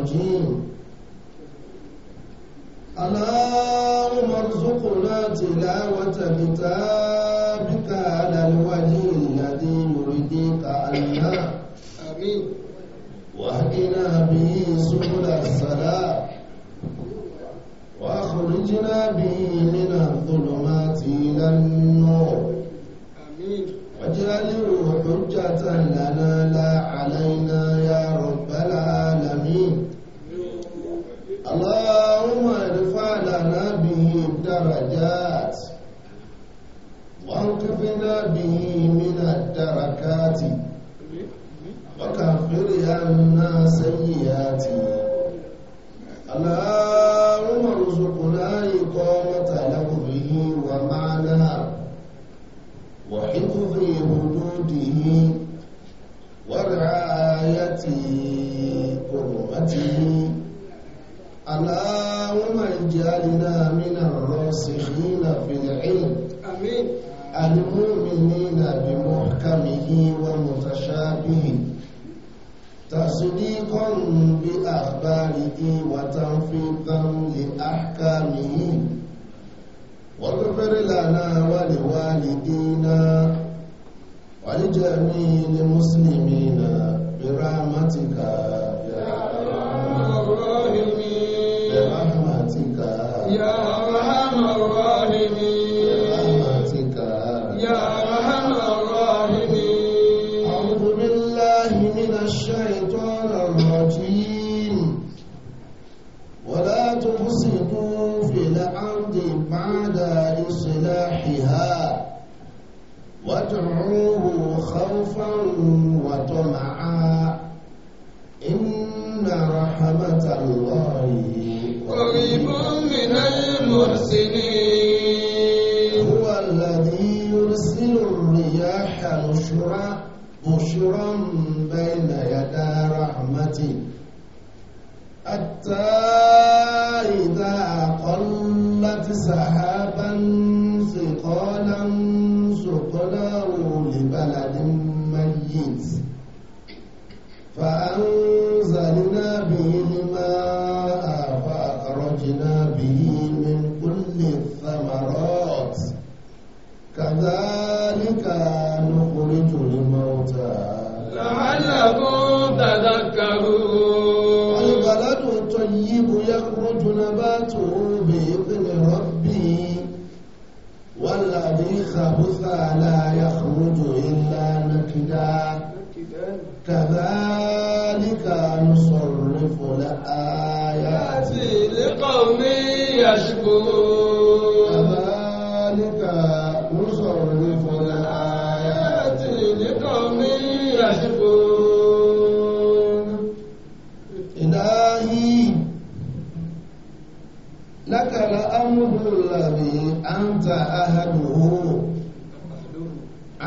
الرجيم ألا مرزقنا تلاوة كتابك على الولي الذي يريدك عنا آمين واهدنا به سبل السلام وأخرجنا به من الظلمات إلى النور واجعله حجة لنا لا الشيطان الرجيم ولا تفسقوا في الأرض بعد إصلاحها وادعوه خوفا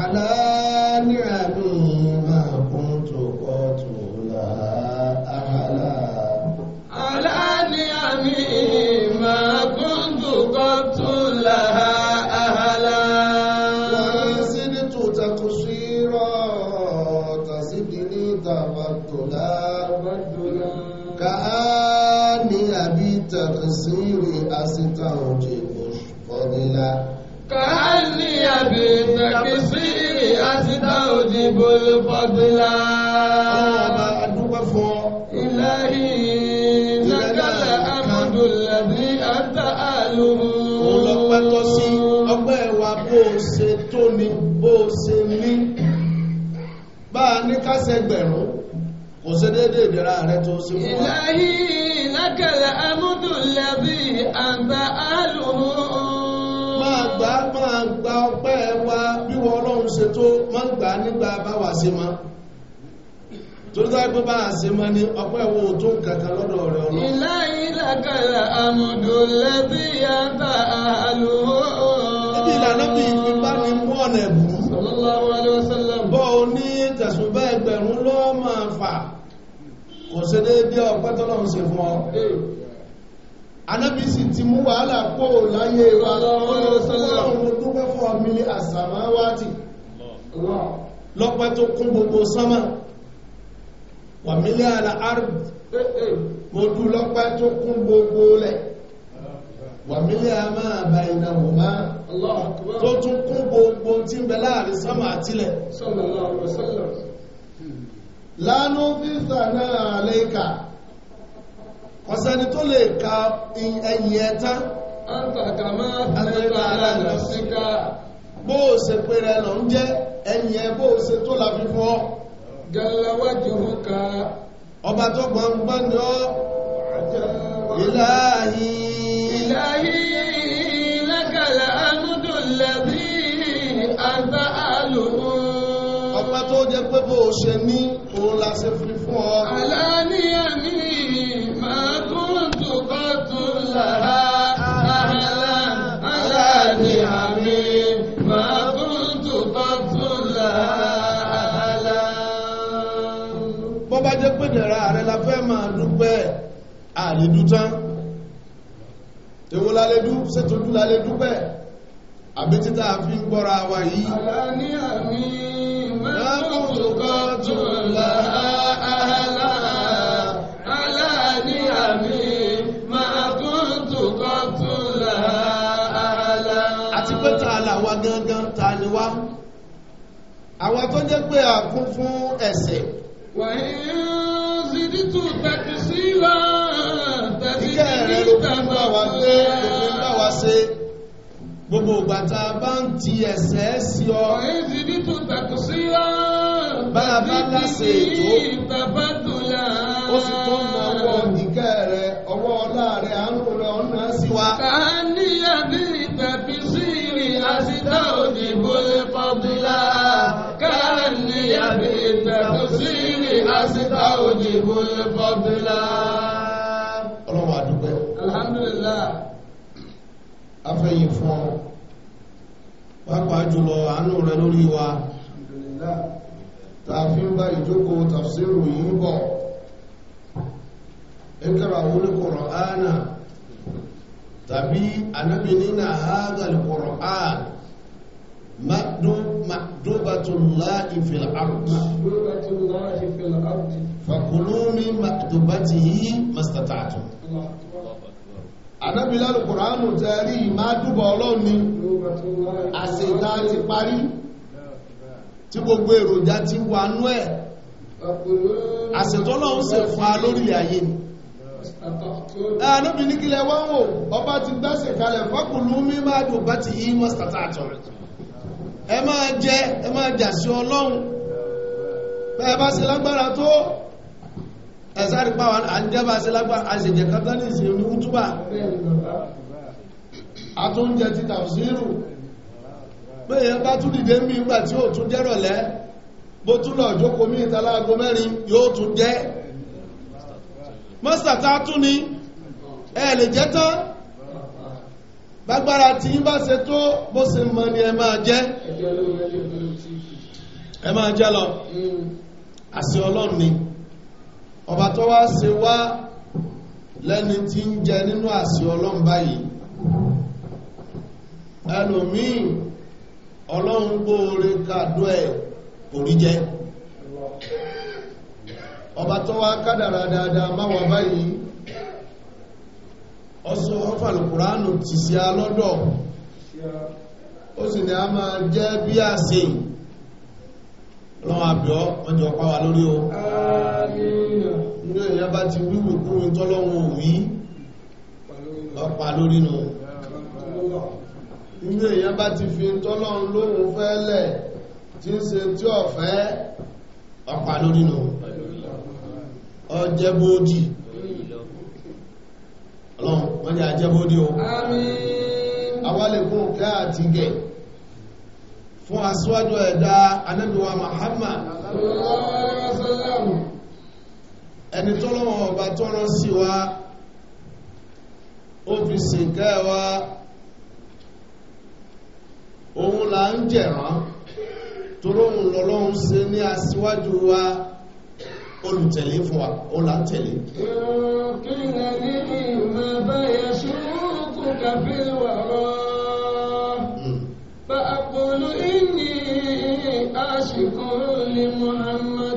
aláàánú àdúgbò máa kún tó kọ́ tó fọ́dúnlá. ọba adúgbò fún ọ. ìlàhí nàgàlà amúdùlẹ̀bí àtà àlùmù. olọ́pẹ́ tó sí ọgbẹ́ wa bó o ṣe tó ni bó o ṣe ní. bá a ní kásẹ̀ gbẹ̀rún kò ṣe déédéé ìdẹ̀ra rẹ tó ṣe fún wa. ìlàhí nàgàlà amúdùlẹ̀bí àtà àlùmù. máa gbà máa gbà ọpẹ́ wa bí wọ́n ọlọ́run ṣe tó gbà nígbà báwa ṣe mọ́ torí tó ẹgbẹ́ bá ṣe mọ́ ní ọpẹ́ ìwò tó ń kankan lọ́dọ̀ rẹ̀ ọ̀nà. ìlà ìlà kàlà àmùdù lẹ́bí yàtà àlùhó. níbi ìlànà bí ìpínpá ni mú ọ̀nà ẹ̀bùrú. sallallahu alaihi bọ́ ọ ní tẹ̀sùbá ẹgbẹ̀rún ló máa fà kò ṣe déédé ọpẹ́ tọ́lọ́run ṣe fún ọ. anábì sì ti mú wàhálà kó o láyé wa. sallallahu alaihi wasallam. ọlọ́run dúpẹ́ fún ọ lọ́pẹ́ tó kún gbogbo sánmà wà mílẹ̀ àlà ard mo dú lọ́pẹ́ tó kún gbogbo lẹ̀ wà mílẹ̀ a máa bá iná wò má tó tún kún gbogbo tí ń bẹ láàrin sánmà àtílẹ̀ lánú fífà náà àlẹ́kà kọ̀sẹ́ni tó lè ka ẹ̀yìn ẹ̀tán àǹtàkà máa fẹ́ bá ara nà síká bóòsè pé lọ ń jẹ́ ẹ̀yìn ẹ̀bọ́ òṣè tó la fi fọ́ gẹ̀lẹ́wájú ká ọba tó gbọmgbọ́n ní ọ́ ìlàhí ìlàhí lágàlà amúdùnlẹ̀bí àgbà àlùmọ́ ọba tó jẹ pé bó o ṣe ní òun la ṣe fi fún ọ. àlàníyàn ní màá kún tó kọ́ tó dúpẹ́ àlédú tán èwo lálédú sétójú lálédú pẹ́ àbí títà fi ń gbọ́ra wa yìí àlá ní àmì mẹ́kùnkọ́ tó gangan ta ni wá àwọn tó jẹ́ pé àkún fún ẹ̀ṣẹ̀ وإن زدت تكسيلا تزيد تفضلا gbogbo ìgbà tá a bá ń ti ẹ̀sẹ̀ sí ọ. èyí ni tó tàkù sí ọ. bá bá dáṣe ètò. bàbá tó yà á. ó sì tó ń na ọwọ́ ìkẹ́ rẹ ọwọ́ ọlá rẹ àánú rẹ ọ̀nà sí wa. ká síta òjì ìbòye fọ́bílá. ọlọ́run àdúgbẹ́. alhamdulillah. afẹ́yìn fún ọ pápá jùlọ àánú rẹ lórí wa alhamdulillah tààfin bá ìjókòó tafsiru yìí ń bọ̀ ikra wuli qur'ana tàbí anábìnrin náà hágàlì qur'an madun مأدبة الله في الأرض مأدبة الله في الأرض فكلوا من مأدبته ما استطعتم anábìlá alukùránù tẹ́ rí ìmádùbọ̀ ọlọ́run ni àṣìta ti parí tí gbogbo èròjà ti wà nú ẹ̀ àṣìtọ́lọ́ ń ṣe fa lórí ayé ni anábìlá kílẹ̀ wọ́n wò ọba ti gbẹ́sẹ̀ kalẹ̀ fọ́kùnlú mímádùbá ti yí mọ́sítàtà ẹ máa jẹ ẹ máa jà sí ọlọ́run bẹ́ẹ̀ bá ṣe lágbára tó ẹ̀sáàrí pàwà àjẹ́bà ṣe lágbára àṣẹjẹ kátàlì sí orí útúbà àtúnjẹ ti tàfsírù bẹ́ẹ̀ bá tún dìde mí ìgbà tí yóò tún jẹ́rọ̀lẹ́ bó tún lọ jókòó mí ìtàlágó mẹ́rin yóò tún jẹ́ mọ́sítà tá tún ni ẹ lè jẹ́ tán gbagbara tí yín bá ṣe tó bó ṣe mọ ni ẹ máa ẹ máa lọ àṣẹ ọlọ́run ni ọba tó wá ṣe wá lẹ́ni tí ń jẹ nínú àṣẹ ọlọ́run báyìí ẹlòmíì ọlọ́run gbóore kàdó kò rí jẹ ọba tó wá dáadáa máa wà báyìí ọsọ ọfàlùkùránù ti sí alọ́dọ̀ ó sì ní a máa jẹ́ bí a ṣe lọ́wọ́ àbíọ́ wọ́n pàwà lórí o ní èyàn bá ti wíwò kúrò tọ́lọ́wọ́ òwí ọpa lórí nù ní èyàn bá ti fi tọ́lọ́run lóhun fẹ́lẹ̀ tí ń ṣe tí ọ̀fẹ́ ọpa lórí nù ọjẹ́ bóòdì ọlọ́run wọ́n jẹ́ àjẹ́bódé o awálẹ̀kún kẹ́ àti gẹ̀ fún aṣíwájú ẹ̀dá ànábì wa Muhammad ẹni tọ́lọ́wọ́ ọba tọ́rọ sí wa ó fi wa olùtẹ̀lé fún wa ó là ń tẹ̀lé. bá àpòlù ìní àṣìkò lè Muhammad.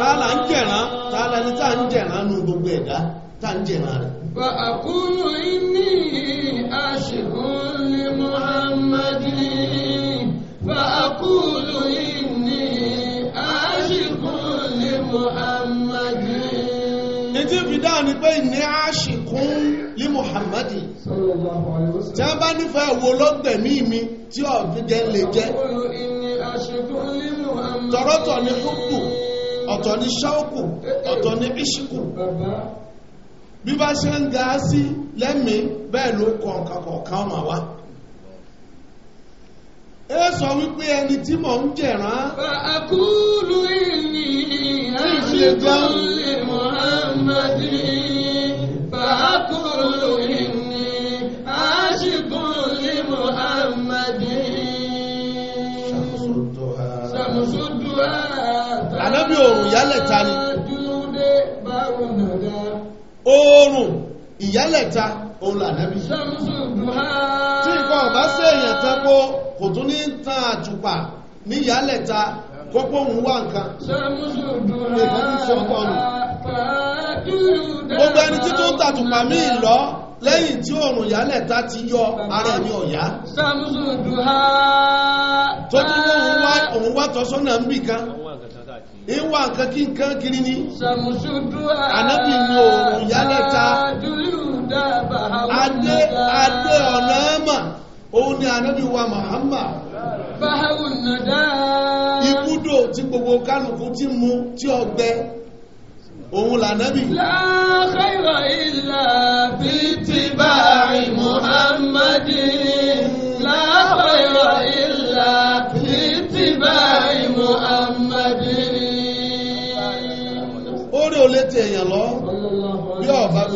tààlà ń jẹ̀ràn tààlà ní tàà ń jẹ̀ràn nú gbogbo ẹ̀dá tàà ń jẹ̀ràn rẹ̀. fa àkúlù inni àṣìkún lè muhammadi fa àkúlù inni àṣìkún lè muhammadi. fi dáa ni pé ní àṣìkún lè tí a bá nífẹ̀ẹ́ wo lọ́gbẹ̀mí mi tí ọ̀gbìn jẹ́ lè jẹ́. àkúlù inni àṣìkún lè muhammadi. tọ̀rọ̀tọ̀ ni kúkú ọ̀tọ̀ ní ṣáòkù ọ̀tọ̀ ní ìṣíkù bí bá ṣe ń ga sí lẹ́mìí bẹ́ẹ̀ ló kọ nǹkan kọ̀ọ̀kan mà wá ẹ sọ wípé ẹni tí mò ń jẹ̀rán. àkúlù ìní àṣetán lè Muhammadin. bí oòrùn ìyálẹ̀ta ni oòrùn ìyálẹ̀ta òun lànàbí tí nǹkan ọ̀bá sí èèyàn tán kó kò tún ní tan àtùpà ní ìyálẹ̀ta kọ́pọ̀ òun wà nǹkan nǹkan ti sọ nù gbogbo ẹni tí tó ń tàtùpà lọ lẹ́yìn tí oòrùn ìyálẹ̀ta ti yọ ara ẹni ọ̀yá tó tún wá tọ́sọ́nà ń bì kan ìwà nǹkan kí nǹkan kiri ni ànábì wo òun yálẹ̀ta adé adé ọ̀nà ẹ̀mà òun ni ànábì wa Muhammad ibùdó tí gbogbo kálukú ti mu tí ọgbẹ́ òun lànábì. la khayra illa fi tibai.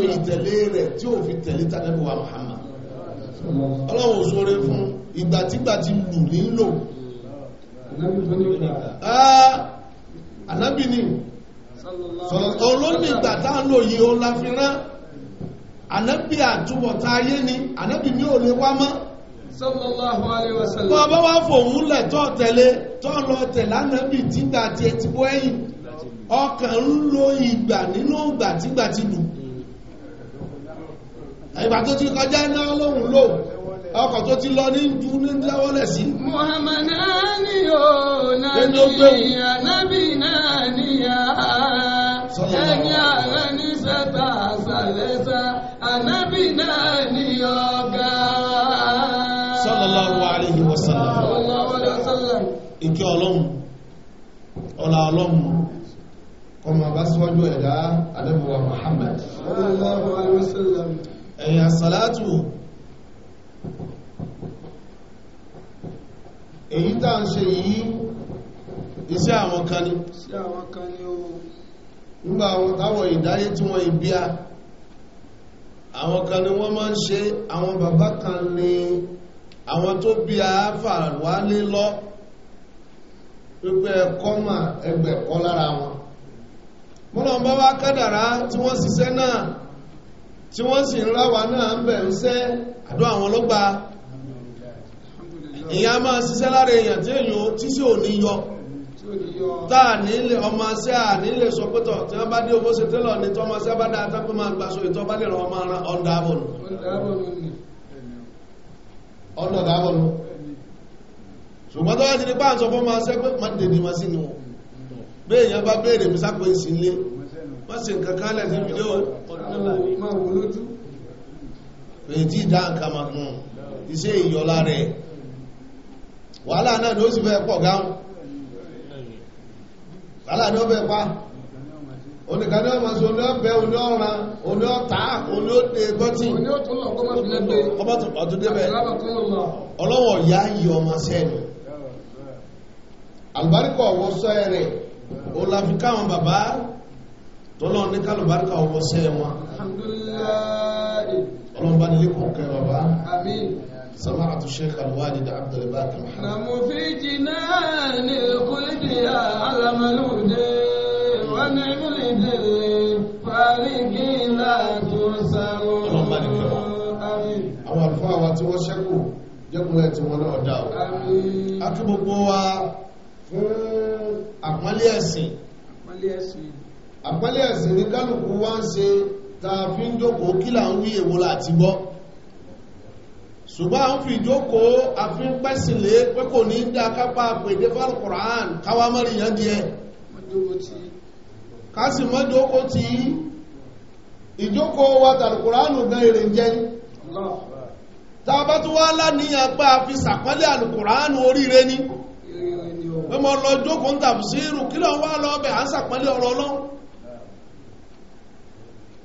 fi tẹ̀lé rẹ̀ tí ò fi tẹ̀lé tàbíwà Muhammad ọlọ́run sóre fún ìgbàtígbà ti lù nílò anábì ní ah, olónìgbà tá ń o yìí ó láfirán anábì àtúbọ̀tá ayé ni anábì ní ò lè wá mọ́ sallallahu wá fòun lẹ̀ tọ́ tẹ̀lé tẹ̀lé tí ti bọ́ ẹ̀yìn ọkàn ń lo ìgbà nínú ìgbà ti lù ìgbà tó ti kọjá náà lóhùn lò ọkọ̀ tó ti lọ ní ju ní sí. Muhammadu ni o nàbí ànábì náà níyà ẹni ààrẹ ní sẹ́ta àṣàlẹ́sà ànábì náà ní ọ̀gá. Sallallahu alaihi wasallam. Ìkẹ́ ọlọ́run, ọlá ọlọ́run, bá síwájú ẹ̀dá Muhammad. ẹ̀yìn àsàlátù èyí tà ń ṣe yìí iṣẹ́ àwọn kan ni o nígbà àwọn táwọn ìdáyé tí wọ́n ìbíà àwọn kan ni wọ́n máa ń ṣe àwọn bàbá kan ni àwọn tó bí a fà wálé lọ pípẹ́ ẹ̀kọ́ ẹgbẹ̀kọ́ lára wọn mọ́nà bá wá kádàrá tí wọ́n ṣiṣẹ́ náà tí wọ́n sì ń ráwa náà ń bẹ̀ ń sẹ́ àdó àwọn ọlọ́gbà ìyá máa ṣiṣẹ́ lára èèyàn tí èèyàn tí sí ò ní yọ táà nílé ọmọ ṣẹ́ à nílé sọpọ́tọ̀ tí wọ́n bá dé owó ṣe tẹ́lọ̀ ní tọ́mọ ṣẹ́ bá dáa tápé máa gbàṣọ ìtọ́ bá lè ràn ọmọ ọ̀dàbọ̀nù ọ̀dàbọ̀nù ṣùgbọ́n tó wá ti ní pàǹsọ fọ́ máa pé má dèdè máa sí ni wọn bẹ́ẹ̀ èèyàn bá béèrè mi sápò ìsìn wọ́n sì nǹkan kálẹ̀ ní fídíò ọdún lójú iṣẹ́ ìyọlá rẹ̀ wàhálà náà ló sì fẹ́ pọ̀ gáhùn wàhálà náà pa náà sọ ní ọbẹ̀ oní oní ọ̀tá oní ọlọ́wọ̀ ọmọ àlùbáríkọ̀ ọ̀wọ́ sọ ẹ̀rẹ̀ bàbá tọ́lọ́ ní kálùbáríkà ọwọ́ sẹ́ wọn ọlọ́mbà nílé kọ̀ọ̀kẹ́ bàbá سمعت الشيخ الوالد عبد الباقي محمد في جنان الخلد يا علم الهدى ونعم الهدى فارقي لا تنسوا اللهم بارك àwọn àlùfáà wa tí wọ́n ṣẹ́kù jẹ́kùnlẹ̀ tí wọ́n náà dá o a kí gbogbo wa fún àpọ́nlé ẹ̀sìn àpẹẹlẹ ẹ̀sìn ní kálùkù wá ń ṣe ta fi ń jókòó kí là ń wí èwo láti gbọ́ ṣùgbọ́n à ń fi jókòó àfi ń pẹ́sìn lé pé kò ní dá kápá pèdé fàlùkùrán káwá mọ́rin yẹn díẹ̀ ká mọ́ jókòó tí ìjókòó wa tàlùkùránù gan èrè jẹ́ tá bá tún wá láníyàn pé a fi ṣàpọ́nlé àlùkùránù oríire ni pé mo lọ jókòó ń tàbí sí irú kí lọ́n wá lọ bẹ̀ à ń ṣàpọ́nlé ọ̀rọ̀ ọlọ́run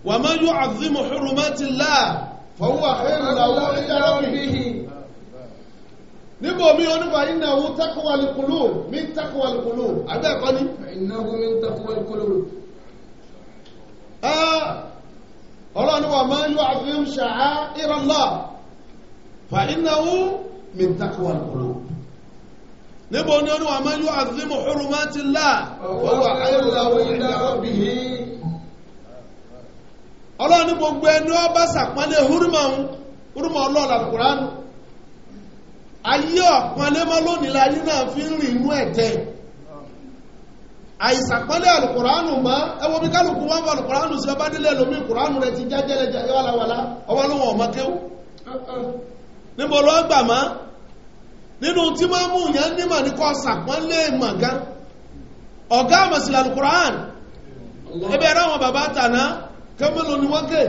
ومن يعظم حرمات الله فهو خير له عند ربه níbo mi onífà innahu taqwal qulub min taqwal qulub àbẹ́ẹ̀kọ́ ni. innahu min taqwal qulub. ọlọ́run wa man yu'azzim sha'a'ir Allah fa innahu min taqwal qulub. níbo ni onífà man yu'azzim hurumatillah. fa huwa khayrun lahu 'inda rabbih. ọlọ́run ní gbogbo ẹni ọba sàpọ́nlé húrúmọ̀ ọ̀hún húrúmọ̀ ọlọ́run ayé ọ̀pọ̀nlé mọ́ lónìí láyé náà fi ń rìn inú ẹ̀jẹ̀ àìsàpọ́nlé àlùkùránù mọ́ ẹwọ́ bí kálukú wọn bọ̀ àlùkùránù sí ọba lómi rẹ ti jẹ́ wàlàwàlà ọmọ kéwú níbo ló gbà mọ́ nínú tí máa mú yẹn nímọ̀ ní kọ́ sàpọ́nlé mọ̀gán ọ̀gá àmọ̀sílẹ̀ ẹ̀rọ àwọn bàbá kẹ́mẹ́lò ni wọ́n kẹ́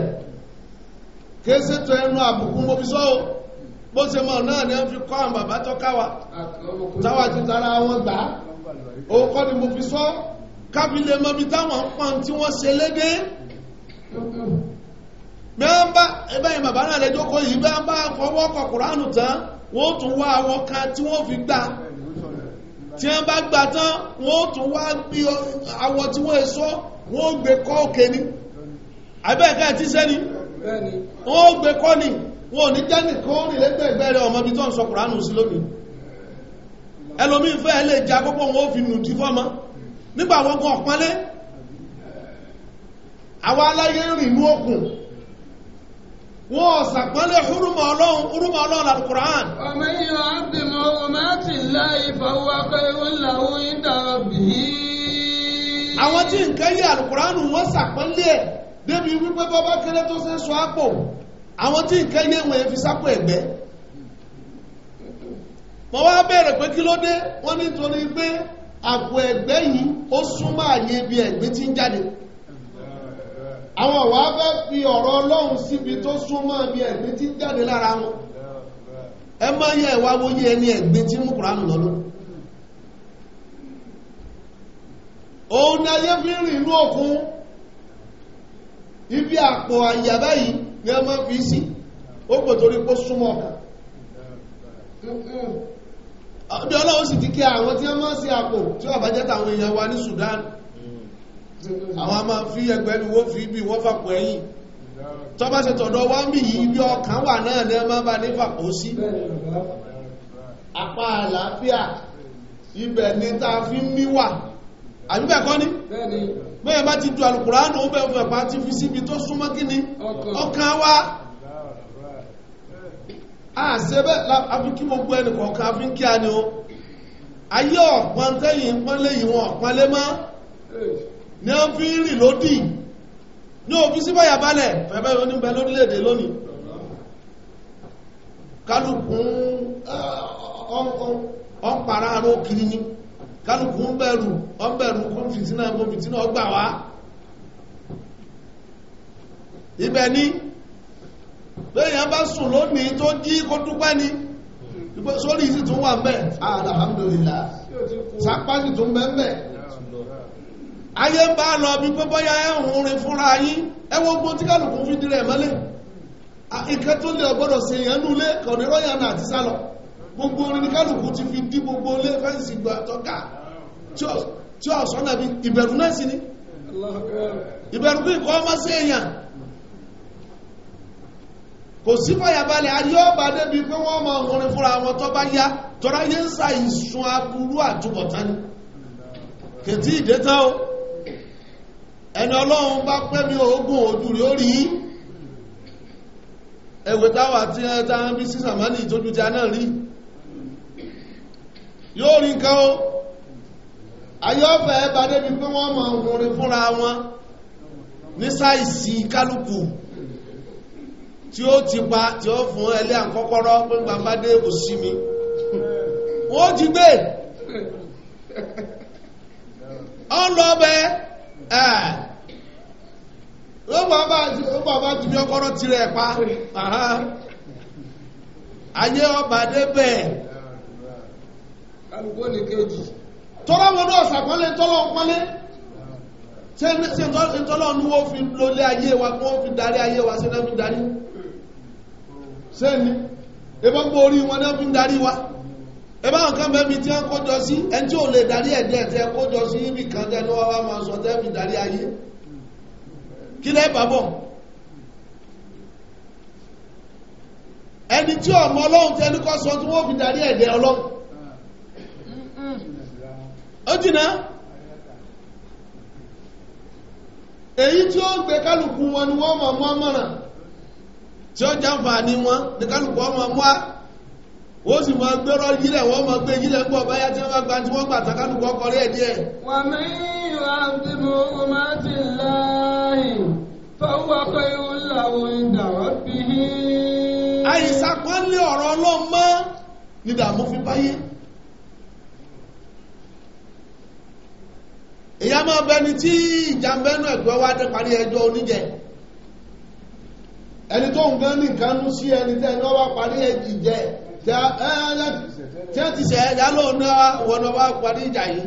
kìí ṣe tọ ẹnu àbùkù mo fi bó ṣe mọ̀ náà ni wọ́n fi kọ́ àwọn bàbá tó káwa táwa ti tara wọn gbà á òun kọ́ ni mo fi sọ́ kábílẹ̀ mọ́bi táwọn ń pọ́n tí wọ́n ṣe lédè bẹ́ẹ̀mbá ẹbẹ́yìn bàbá náà lẹ́jọ́ kó yìí bẹ́ẹ̀mbá fọwọ́ kọkùránù tán wọ́n tún wá àwọn kan tí wọ́n fi gbà tí wọ́n bá gbà tán wọ́n tún wá bí awọ tí wọ́n èso wọ́n gbé kọ́ ni abẹ́ẹ̀ká ti sẹ́ni wọ́n gbé kọ́ ni wọ́n ní jẹ́ nìkan rìn lẹ́gbẹ̀ẹ́gbẹ́ rẹ̀ ọmọ ibi tó ń sọ kùránù sí lónìí ẹlòmí fẹ́ lè jẹ́ akọ́pọ̀ wọn ó fi nù tí fọ́mọ nígbà wọn kan ọ̀pánlé àwọn aláyé rìn ní òkun wọ́n ọ̀sàpánlé húrùmọ̀ ọlọ́run húrùmọ̀ ọlọ́run àti kùránù ọmọ àwọn tí nǹkan yí àlùkùránù wọ́n sàpánlé débi wípé bọ́bá kéré tó ṣe ń sọ àpò àwọn tí nǹkan ilé ìwọ̀n fi sápò ẹ̀gbẹ́ mo wá bẹ̀rẹ̀ pé kí ló dé wọ́n nítorí pé àpò ẹ̀gbẹ́ yìí ó súnmọ́ àyè ibi ẹ̀gbẹ́ tí ń jáde àwọn ọ̀wá fẹ́ fi ọ̀rọ̀ ọlọ́run síbi tó súnmọ́ ibi ẹ̀gbẹ́ tí ń jáde lára wọn ẹ máa yẹ ẹ̀wá wo yẹ ẹni ẹ̀gbẹ́ tí mú kùránù lọ́lọ́ òun ni ayé fi ń rìn inú òkun ibi àpò àyà báyìí ni a máa fi sí ó pè torí pó súnmọ́ ọkàn ọdí ọlọ́run sì ti kí àwọn tí wọ́n máa sí àpò tí wọ́n bá jẹ́ tàwọn èèyàn wa ní Sudan àwọn a máa fi ẹgbẹ́ ni wọ́n fi ibi wọ́n fàpò ẹ̀yìn tó bá ṣe tọ̀dọ̀ wá ń bì yí ibi ọkàn wà náà ni a máa bá ní fàpò sí apá àlàáfíà ibẹ̀ ni tá a fi ń mí wà àbíbẹ̀ kọ́ ní bẹ́ẹ̀ bá ti ju alùkùránù ó bẹ́ẹ̀ fún ẹ̀pá ti fi síbi tó súnmọ́ kí ni ọkàn wa àṣẹ bẹ́ẹ̀ àfi kí gbogbo ẹnì kọ̀ọ̀kan fi ń kí a ni o ayé ọ̀pọ̀n tẹ́yìn ń pọ́nlé yìí wọn ọ̀pọ̀n lé mọ́ ni wọ́n fi ń rìn lódì ní òfin sí báyà balẹ̀ fẹ́fẹ́ oníbẹ̀ lórílẹ̀‐èdè lónìí kálukú ọ̀pàrà àrò kiri ni kálukú ń bẹ̀rù ọ ń bẹ̀rù kún fìtínà kún fìtínà wá ibẹ̀ ni lẹ́yìn bá sùn lónìí tó jí kó dúpẹ́ ni sórí ìsì tún wà mẹ́ alhamdulillah sápájì tún mẹ́mẹ́ ayé ń bá lọ bí pẹ́pọ́yá ẹ̀hùn orin fúnra yín ẹwọ́ gbó tí kálukú fi dirẹ̀ mọ́lẹ̀ ìkẹ́ ọgbọ́dọ̀ sí ìyẹnú lé àti sálọ gbogbo orin ní kálùkù ti fi dí gbogbo ilé fẹ́ǹsì gbà tọ́ka tí ó sọ́nà bí ìbẹ̀rù náà sí ni ìbẹ̀rù bí nǹkan ọmọ sí èèyàn kò sí fàyàbalẹ̀ ayé ọba débi pé wọ́n mọ orin fúnra wọn tó bá yá tọ́ra yé ń sa ìsun aburú àtúbọ̀tán ni kètí ìdẹ́ta o ẹni ọlọ́run bá pẹ́ mi oògùn ojú rí ó rí ẹ̀wẹ̀ táwà tí ẹ ń bí sísàmánì ìtọ́jú ti a náà rí yóò rí nǹkan ó ayọ́fẹ́ bá débi pé wọ́n mọ̀ ọkùnrin fúnra wọn ní sáìsì kálukú tí ó ti pa tí ó fún ẹlẹ́ àkọ́kọ́rọ́ pé gbàmbá dé kò sí mi wọ́n ti gbé ọlọ́bẹ̀ ẹ̀ ló bàbá ti mi ọkọ́rọ́ tirẹ̀ pa ayé ọba débẹ̀ kálukú ní kejì tọ́lá wọn náà sàpọ́nlé tọ́lọ́ pọ́nlé ṣe tọ́lọ́ ní wọ́n fi lólé ayé wa kí wọ́n fi darí ayé wa sí náà fi darí ṣe ni orí wọn náà fi darí wa ebá wọn kan bẹ́ẹ̀ mi tí wọ́n kójọ sí ẹni tí ò lè darí ẹ̀dẹ́ tẹ kójọ sí ibi kan tẹ́ ní wọ́n wá máa sọ tẹ́ darí ayé kí lẹ́ bàbọ̀ ẹni tí ọmọ ọlọ́run tẹ́ kọ́ sọ tí wọ́n fi darí ẹ̀dẹ́ ọlọ́run ọdí náà èyí tí ó gbé kálukú wọn ni wọ́n mọ̀ mọ́ mọ́ràn tí ó jàǹfà ní wọn ní kálukú wọn mọ́ mọ́ wọ́n sì máa gbẹ́rọ yílẹ̀ wọ́n máa gbé yílẹ̀ pọ̀ tí wọ́n bá gba tí wọ́n gbà tán kálukú ọkọ̀rẹ́ ẹ̀ díẹ̀. wà mí ìwà tí mo máa ti láàyè fọwọ́ pé ó làwọn ìdàwọ́ ọ̀rọ̀ ọlọ́mọ ni dààmú fi báyé. ìyá máa bẹni tí ìjàmbẹ́nu ẹ̀gbẹ́ wá dé parí ẹjọ́ oníjẹ ẹni tó ń ní nǹkan sí ẹni tẹ́ ẹni ọba parí ẹjì jẹ tí ẹ ti sẹ ẹ̀yà lóun wọn ọba parí ìjà yìí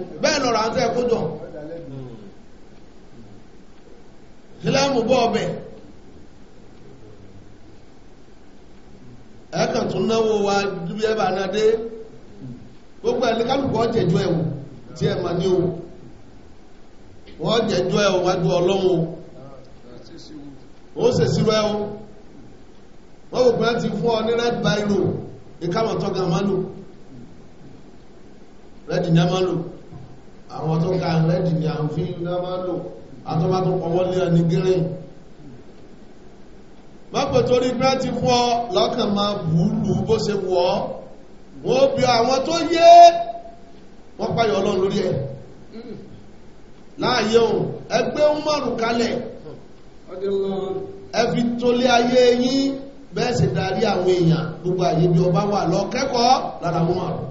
àti tún náwó wa dúbí gbogbo tí ní wọ́n jẹ́jọ́ ẹ̀ wájú ọlọ́run ó sèṣirò ẹ̀ wọ́n wò pé wọ́n ti fún ọ ní red biro ìkáwọn tọ́gà máa lò red ní a máa lò àwọn tọ́gà red ní a fi ní a máa lò àtọ́bátọ́ pọ̀wọ́lé ẹ̀ ní green mọ́pẹ̀ torí pé ti fún ọ lọ́kàn máa bùúlù bó ṣe wọ́ wọ́n bí àwọn tó yé wọ́n páyọ̀ ọlọ́run lórí ẹ̀ láàyè òun ẹgbẹ́ Umaru kalẹ̀ ẹ fi tolé ayé yín bẹ́ẹ̀ sì darí àwọn èèyàn gbogbo àyè bí ọba wà lọ kẹ́kọ̀ọ́ lára Umaru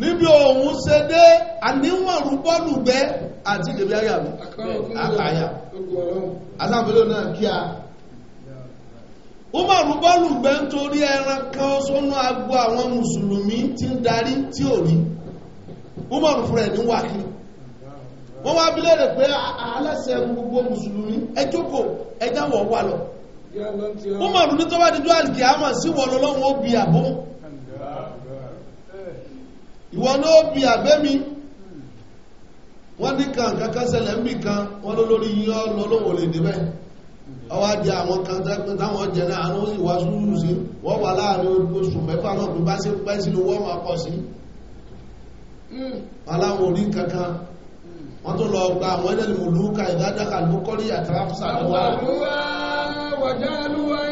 níbi òun ṣe dé àníwọ̀rù bọ́ọ̀lù gbẹ́ àti ìdèbí ayà mi àkàyà asábẹ́lẹ̀ náà kí a Umaru bọ́ọ̀lù gbẹ́ nítorí ẹran kan sọ́nà agbo àwọn mùsùlùmí tí ń darí tí ò rí Umar fúnra ẹ̀ ní wà wọ́n wá bí lẹ́rẹ̀ pé aláṣẹ gbogbo mùsùlùmí ẹjọ́kò dị wà lọ Umar ní tó bá dídú àlìkì àmà sí wọ́n lọ́wọ́ ó bí àbó ní ó àbẹ́mi wọ́n ní kan kankan ṣẹlẹ̀ ń bì kan wọ́n ló lórí yíyọ́ lọ lóhùn lè débẹ̀ ọwọ́ àwọn kan táwọn jẹ náà àwọn Mm. aláwọn orí kankan mm. wọ́n tó lọ gba àwọn ẹ̀dẹ̀ lè lù ká ló kọ́rí àtàràfúsà lọ́wọ́ wọ́n tó dùn lọ́wọ́ ẹ̀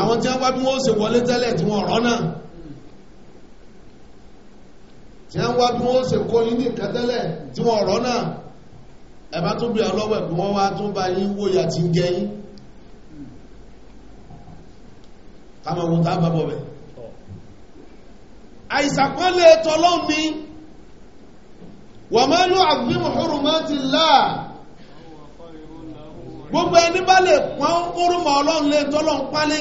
àwọn tí wọ́n bá bí wọ́n ṣe wọlé tẹ́lẹ̀ tí wọ́n rọ́nà tí wọ́n wá bí wọ́n ṣe kó yín ní nǹkan tẹ́lẹ̀ tí wọ́n rọ́nà ẹ̀ bá tó dùn lọ́wọ́ ẹ̀ bí wọ́n wá tó bá yín wòyà tí ń yín àìsàpọ́nlé tọ́lọ́hún ni wọ́n máa lọ àgbímù hurumatillah gbogbo ẹni bá lè pọ́n orúmọ ọlọ́run lé tọ́lọ́hún pálé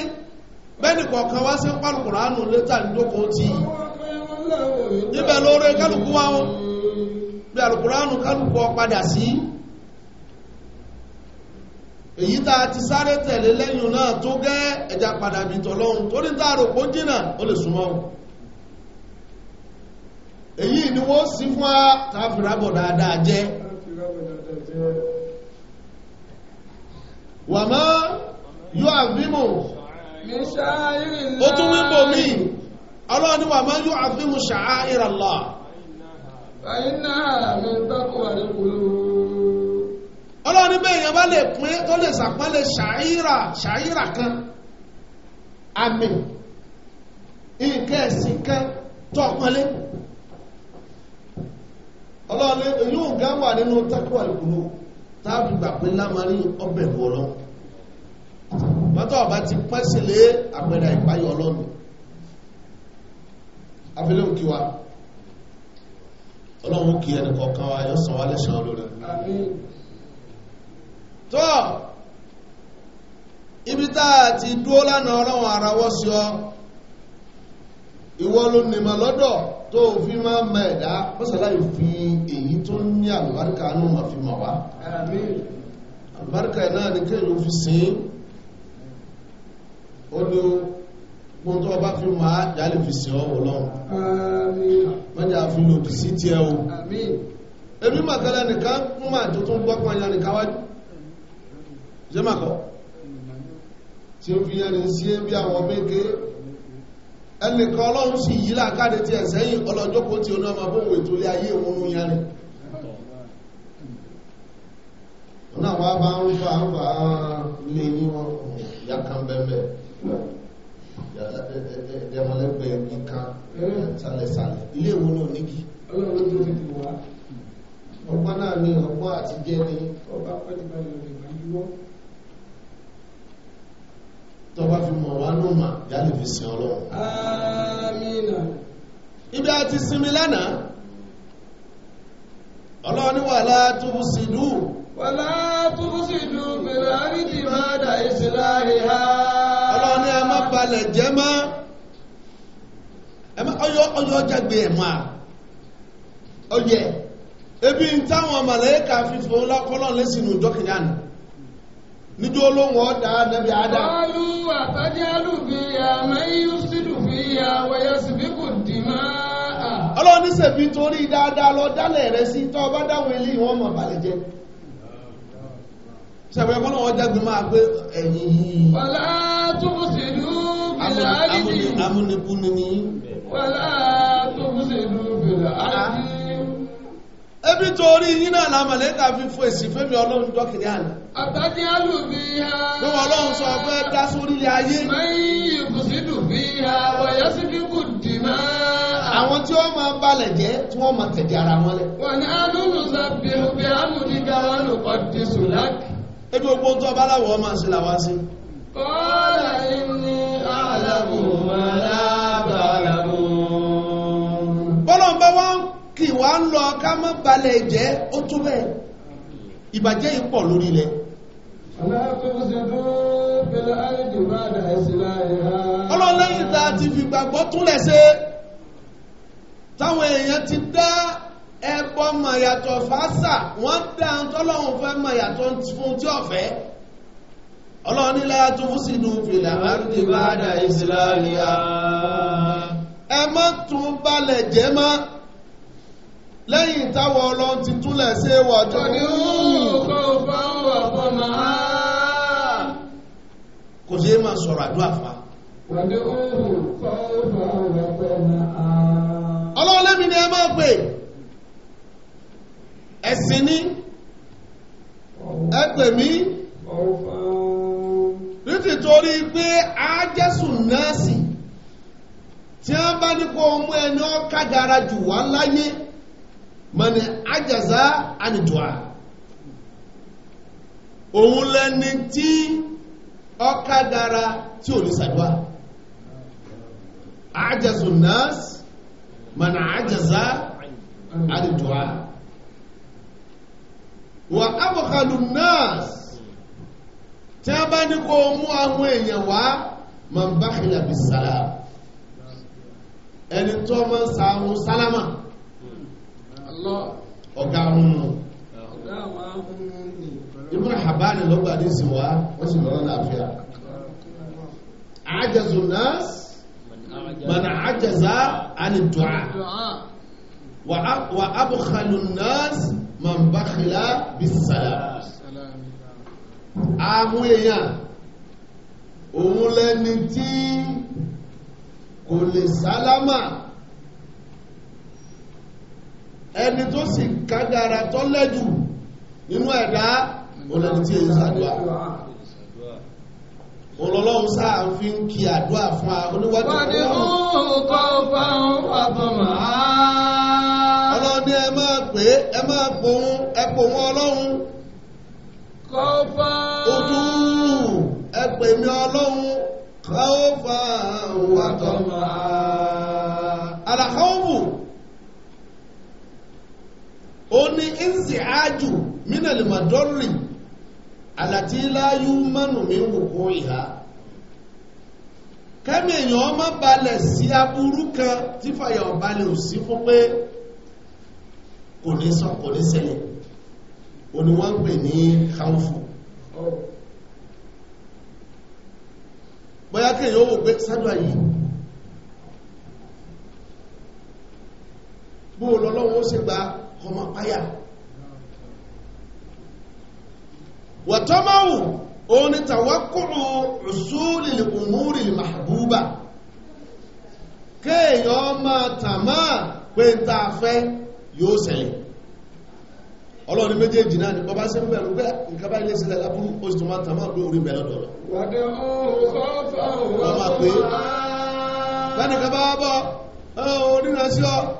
bẹ́ẹ̀ni kọ̀ọ̀kan wá sí pálùkùrọ̀ ánù létà nídókòó tí ibẹ̀ lóore kálukú wá wọn bí alùkùrọ̀ ánù ọ padà sí èyí tá a ti sáré tẹ̀lé lẹ́yìn náà tó gẹ́ ẹja padà bìtọ̀ lọ́hùn torí tá a rò kó jìnnà ó lè súnmọ́ wọn èyí ni wọ́n sí fún wa káfírábọ̀ dáadáa jẹ́ wà má yóò àfihàn ó tún wípò mí ọlọ́ni wà má yóò àfihàn ṣàá ìrànlá ọlọ́ni bẹ́ẹ̀yàn bá lè pín tó lè sàpẹ́lẹ̀ ṣàíra ṣàíra kan àmì nǹkan ẹ̀sìn kan tọ́pẹ́lẹ́ ọlọ́run èyí ò gá wà nínú tákùwà lùkùnú táàbù gbà pé lámarí ọbẹ̀ bọ̀rọ̀ mọ́tọ́ ọba ti pẹ́sì lé àpẹẹrẹ ìpáyọ̀ ọlọ́run abẹ́lẹ́ òkè wa ọlọ́run kì ẹnì kọ̀ọ̀kan wa yọ sàn wá lẹ́sàn olórí tó ibi tá a ti dúó lánàá ọlọ́run àrawọ́ sí ọ ìwọ ló nìmọ̀ lọ́dọ̀ tó fi máa mọ ẹ̀dá mọ́sàlá ìfi èyí tó ní àlùbáríkà náà ma fi mọ̀ wá àlùbáríkà náà ní kéèrè fi sín ó ní ohun tó bá fi máa jálè fi sín ọwọ́ lọ́wọ́ mọ́jà fi lòdì sí tí ẹ o ebi màkàlẹ̀ nìkan ń máa tó tún gbọ́pọ̀ ìyá nìkan wájú jẹ́ màkọ́ tí ó fi yẹn ní sí bí àwọn méje ẹnìkan ọlọ́run sì yí làkàdé tí ẹ̀ sẹ́yìn ọlọ́jọ́kọ́ tí oní ọmọ bóhùn ètò ilé ayé rẹ̀ wọn náà wá bá ń ní wọn ìyá kan ni ọba tó bá fi mọ̀ wá lóòmà yálè fi sin ọlọ́run àmìnà ibi àti sinmi lánàá ọlọ́run ní wàlá túbú sí ìlú wàlá túbú sí ìlú pẹ̀lú àríkì máa dà ìsìlá ìhá ọlọ́run ní ẹ má balẹ̀ jẹ́ mọ́ ọyọ ọyọ jagbe ẹ̀ mọ́ a ọyẹ ebi ń táwọn màlẹ́kà fífi òun lákọ́lọ́ lẹ́sìn ìjọkìnrin àná níjó olóhùn ọ̀dà nàbí àdá. ọlú àtàjálù fi àmọ́ yíyú fi àwẹ̀yẹ síbíkù dìmá. ọlọ́run ní torí dáadáa lọ dálẹ̀ rẹ sí tọ́ ọba dáhùn ilé ìwọ̀n mọ̀ balẹ̀ jẹ náà wọ́n jágun máa ẹ̀yìn. wàlá bìlà ebi torí yín náà la màlẹ́kà fi fo èsì fẹ́mi ọlọ́run dọ́kìnrí àná. àtàkì àlùbí ha. pé ọlọ́run sọ fẹ́ dá sórí ilé ayé. mẹ́yìn ìkùsídù bí ha wọ̀yọ́ sí kíkù dì máa. àwọn tí wọ́n máa balẹ̀ jẹ́ tí wọ́n máa tẹ̀dí ara wọn lẹ̀. wọ́n ní alúlù sábẹ́ òbí amúdíga wọn ló kọ́ di sùlákì. ebi ogbó tó ọba aláwọ̀ ọmọ àṣìláwá sí. kọ́ọ̀lá ìní àlàbò màlá. wà ń lọ ká mọ́ balẹ̀ jẹ́ ó tó bẹ́ẹ̀ ìbàjẹ́ yìí pọ̀ lórí ilẹ̀ ọlọ́lẹ́yìn tá a ti fi gbàgbọ́ túnlẹ̀ ṣe táwọn èèyàn ti dá ẹbọ mọ̀yàtọ̀ fásà wọ́n dá tọ́lọ́hun fẹ́ mọ̀yàtọ̀ fún tí ọ̀fẹ́ ọlọ́nílá tó fún sínú fìlà àrùdì bá dà ìsìláàlì ẹ má tún balẹ̀ jẹ́ máa lẹ́yìn táwọn ọlọ́run ti túlẹ̀ ṣe wà tó ní kò ṣe máa sọ̀rọ̀ àdúrà fa ọlọ́run lẹ́mi ni ẹ máa pè ẹ̀sìn ní ẹ pè mí nítorí pé ajẹ́sùn náà sì tí wọ́n bá ní kó mú ẹni ọ́ kágara jù wá láyé mọ̀ni ajaza anìdùá òun lẹni tí ọkàdára tí ò ní sàdúà ajazu nas mọ̀ni ajaza anìdùá wà abọ̀kàlù nas tí a bá ní kó mú àwọn èèyàn wá mọ̀ bá kìlà bí ẹni tó mọ́ sàmú sálámà ọ̀gá ahun nù ibùdó habani ló gbà ní ìsìnwá ó sì lọ́rọ́ láàfíà àjẹsùn náà mọ̀nà àjẹsà ànìdùá wà ábùkàlù náà mọ̀ n bá kìlá bí sàlá àwọn èèyàn òun lẹni tí kò lè sálámà ẹni tó sì kágara tó lẹ́jù nínú ẹ̀dá olẹ́ni tí èyí sàdúà olọ́lọ́run sáà fi ń kí àdúà fún a oníwájú ọlọ́run ẹ máa pè é ẹ máa pohun ẹ pohun ọlọ́run ojú ẹ pè mí ọlọ́run kọ́ọ̀fà wàtọ́mà àlàkọ́ọ̀bù ó ní ìsì ájù mínàlì màdọ́rì àlàtí láyú mọ́nù mi wò kó ìhà kẹ́mi èèyàn ọmọ balẹ̀ sí aburú kan tí fàyà ọ̀balẹ̀ ò sí fún pé kò ní sọ kò ní ṣẹlẹ̀ ó ní wọ́n pè ní káwùfù bóyá kéèyàn wò pé sádùá yìí bó lọ́lọ́wọ́ ó ṣe gba kọ́ máa páyà wọ̀tọ́máwù òun ni tàwákùrù rùsúlì lùmúrì màbúbà kéèyàn máa tàmá ta méjèèjì náà ni bọ́bá sí bẹ̀rù pé nǹkan bá ilé sílẹ̀ lábúrú ó sì máa tàmá pé orí bẹ̀rẹ̀ dọ̀rọ̀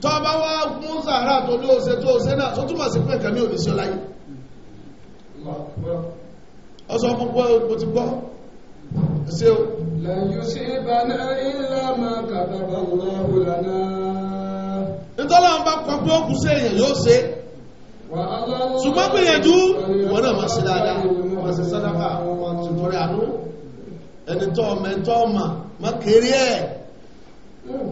tó bá wá gún sàárà tó ló ose tó ṣe náà tó túnmọ̀ sí pé nǹkan ní òdíṣẹ́ láyé ọsọ púpọ̀ ogbò ti gbọ́ ṣe o nítọ́lá ń bá kọ pé ó kù sí èèyàn yóò ṣe ṣùgbọ́n gbìyànjú wọ́n náà máa ṣe dáadáa wọ́n ṣe sàdákà wọ́n àánú ẹni tọ́ ọmọ ẹni tọ́ ọmọ kéré ẹ̀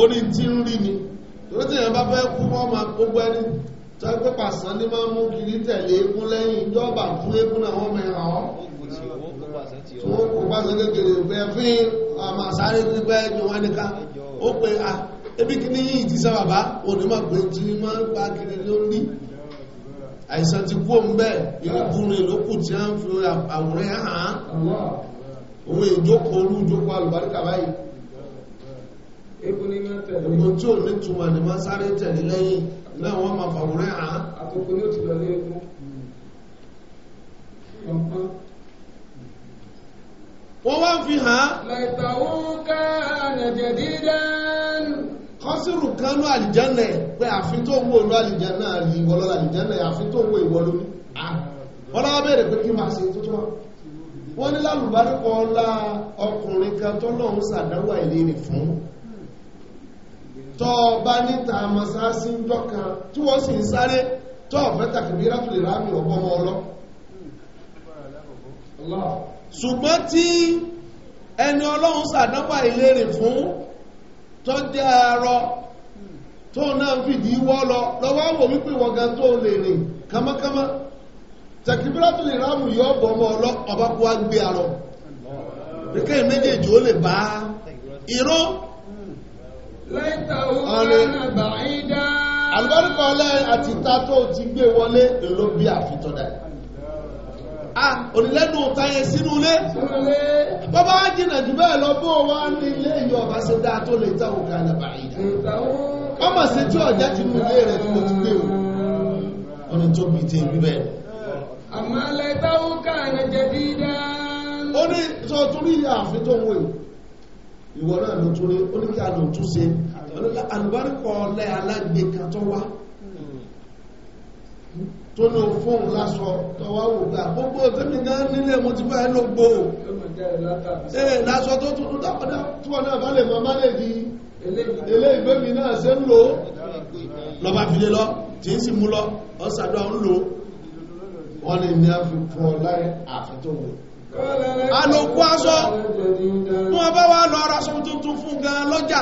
ó ní tí ń rí ni tó tí èèyàn bá fẹ́ kú wọ́n máa gbogbo ẹni tó pé pàṣán ní máa mú kiri tẹ̀lé eégún lẹ́yìn ìjọba fún eégún náà wọ́n mẹ́ra ọ́ tó kó pàṣán kékeré ògbẹ́ fín àmàsáré wọn ó pe a ebi kìíní yìí ti sá bàbá onímọ̀ pé tí máa ń pa kiri ló ní àìsàn ti kú òun bẹ́ẹ̀ ló kù tí fi ìgbò tí ò ní túnmọ̀ ní máa sáré tẹ̀lé lẹ́yìn náà wọ́n máa fàwúrẹ́ àá àtòkò ní òtù lọ́lé egun wọ́n wá ń fi hàn láìtàwọn ká ànàjẹ̀ dídán kọ́sìrù kan ní àlìjánà pé àfin tó wó ìlú àlìjánà rí ìwọlọ́ àlìjánà àfin tó wó ìwọlú wọ́n láwọ́ bẹ̀rẹ̀ pé kí máa ṣe tó tó wọ́n ní lálùbáríkọ́ ọlá ọkùnrin kan tó lọ́hún sàdáwà ìlérí fún tọ́ bá níta masáàsí ń jọ́ka tí wọ́n sì ń sáré tọ́ bẹ́ta kìbí tó lè rámi ọgbọ́n ọlọ́ ṣùgbọ́n tí ẹni ọlọ́run sàdánwà ìlérè fún tó jẹ́ arọ tó náà ń fìdí wọ́ lọ lọ́wọ́ wípé wọ́n tó lè àlùbáríkọ ọlẹ́ àti ìta tó ti gbé wọlé èló bí àfitọ́dá onílẹ́nu táyẹ sínú ilé bọ́bá jìnà jù bẹ́ẹ̀ lọ bó wá ní ilé ìyọ̀ bá ṣe dáa tó lè táwọn kààlà bàáyìdá ọmọ sí tí ọ̀já ti mú ilé rẹ̀ tí mo ti gbé o ọ̀nà tó bí ti rí bẹ́ẹ̀ àmàlẹ̀ táwọn kààlà jẹ̀dídá ó ní sọ torí àfitọ́wọ́ yìí ìwọ náà ló tún rí ó ní kí a lò tún ṣe àlùbáríkọ ọlẹ́ alágbè kan tó wá tó ní fóun lásọ tọwá wò gbà gbogbo tẹ́mi náà nílẹ̀ mo ti bá ẹlò gbò ẹ̀ lásọ tó tún dápadà tí náà bá lè mọ́ má lè di ilé ìgbé mi náà ṣe ń lò lọ́ba fìdí lọ tí ń sì mú lọ ọ̀sàdọ̀ ń lò wọ́n lè ní àfikún ọlá àfẹ́tọ̀wò àlòkú aṣọ fún ọba wà lọ ara sọ tuntun fún gan lọ́jà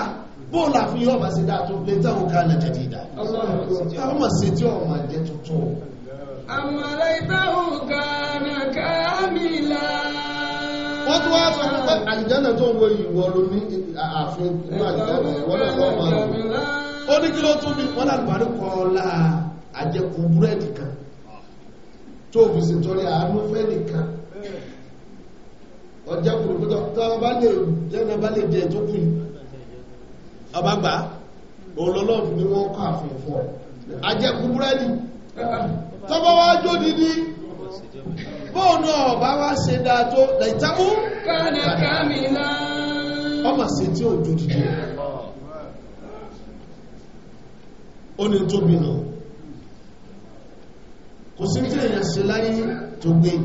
bóòlà fún yọ́ bá sí dáa tó lé táwọn ká lẹ́jẹ̀ dì dá àwọn mọ̀ sí tí ọmọ jẹ́ tuntun àmàlẹ́ ìbáhùn kan kàmìlà wọ́n tún wá sọ fún pé àlìjánà tó ń wo ìwọ̀ ló ní ààfin inú àlìjánà ìwọ́n náà lọ́ máa lò ó ní kí ló tún ní wọ́n lálùbárí kọ́ la àjẹkù búrẹ́dì kan tó fi ṣètọ́rẹ́ àánú fẹ́ nìkan ọjọ́ kùrùkùtọ̀ tọ́ bá lè lẹ́nà bá lè jẹ tó kù ọba gbà olólọ́fù ni wọ́n kọ́ àfihàn fún ajẹ́kù búrẹ́dì tọ́bọ́ wá jó dídí bóònù ọba wá ṣe dáa tó lẹ́tàkú kánàkámìlá ọmọ sí tí ó jó dídí ó ní tóbi náà kò sí tí èèyàn ṣe láyé tó gbẹ̀yìn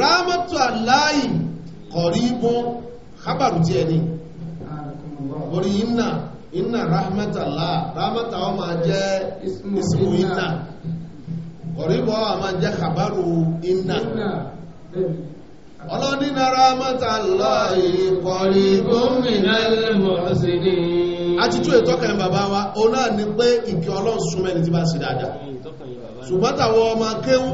ráhámọ́tò aláì kọ̀rí ibùn kábàrù tí ẹni orí iná iná ráhámọ́tò aláà ráhámọ́tò àwọn máa ismu inna. kọ̀rí ibùn àwọn máa jẹ́ kábàrù iná ọlọ́ni nára mọ́ta lọ́ọ̀yí kọ̀rí gómìnà lẹ́mọ̀ọ́sìnì àtitú ìtọ́kẹ̀yìn bàbá wa o náà ni pé ìkẹ́ ọlọ́sùnmẹ́ni ti bá sí dáadáa ṣùgbọ́n tàwọn ọmọ kéwú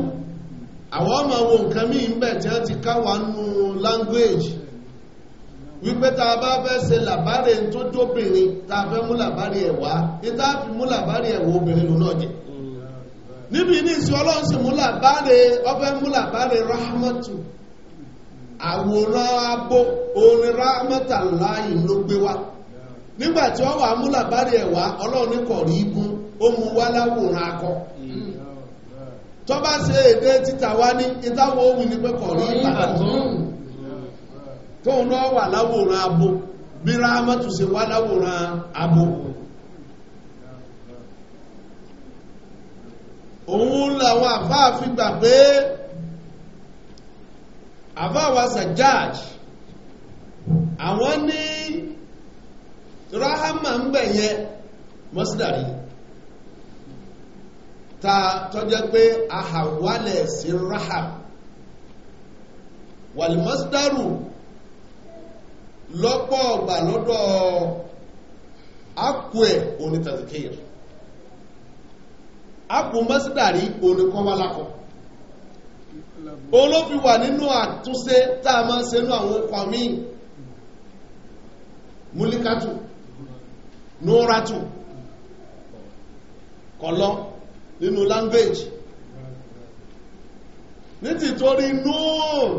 àwọn ọmọ wo nǹkan ń tí wọ́n ti language wípé a bá fẹ́ ṣe tó dóbìnrin tá a fẹ́ mú làbárè wá ní tá a fi mú wo obìnrin lò náà jẹ níbi ní ìsìn ọlọ́run sì mú làbárè ọfẹ́ mú rahmatu àwòrán abo orin rahmatu ló gbé wá nígbà tí wọ́n wà mú akọ. Hmm. tó bá ṣe èdè títà wá ní ìtawọ̀ ohun ní pé kọ̀rí ìbàdàn tóun náà wà láwòrán abo bí ráhámọ́tù ṣe wá láwòrán abo òun làwọn àfáà fi gbà pé àfáà wa Sajjaj àwọn ní rahama ń bẹ̀yẹ mọ́sídàrí ta tọ́jẹ́ pé ahàwálẹ̀ sí rahab wàlmọ́sídárù lọ́pọ̀ ọgbà lọ́dọ̀ ápùẹ̀ onítàzíkìr ápù mọ́sídárì oníkọ́wálákọ̀ olófi wà nínú àtúnṣe tá a máa ń senú àwọn ọkọ̀ míì múlíkátù núrátù kọlọ́ nínú language ní ti torí nóòrùn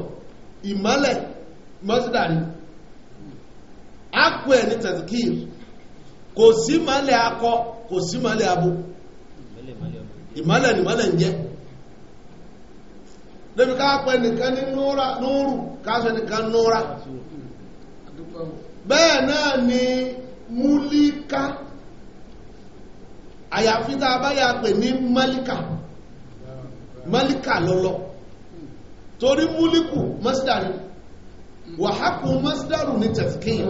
ìmọ́lẹ̀ mọ́sídàrí ápù ẹ̀ ní tẹ̀síkìr kò sí mọ́lẹ̀ akọ kò sí mọ́lẹ̀ abo ìmọ́lẹ̀ nìmọ́lẹ̀ ń jẹ́ débi ká pẹ́ nìkan ní nóòrù káṣọ nìkan nóòrà bẹ́ẹ̀ náà ni múlíká àyàfi tá a bá yà pè ní málíkà málíkà lọ́lọ́ torí múlíkù masdar wàhákù masdar ní tẹ̀síkìn